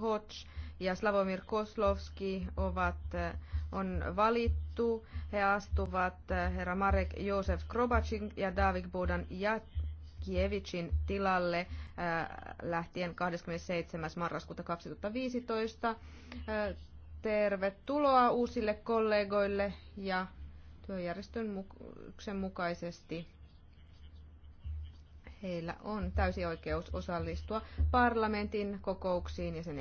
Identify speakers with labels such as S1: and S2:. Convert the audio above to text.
S1: Hodge ja Slavomir Koslovski ovat, eh, on valittu. He astuvat eh, herra Marek Josef Krobacin ja David Bodan Jakievicin tilalle eh, lähtien 27. marraskuuta 2015. Tervetuloa uusille kollegoille ja työjärjestön mukaisesti heillä on täysi oikeus osallistua parlamentin kokouksiin ja sen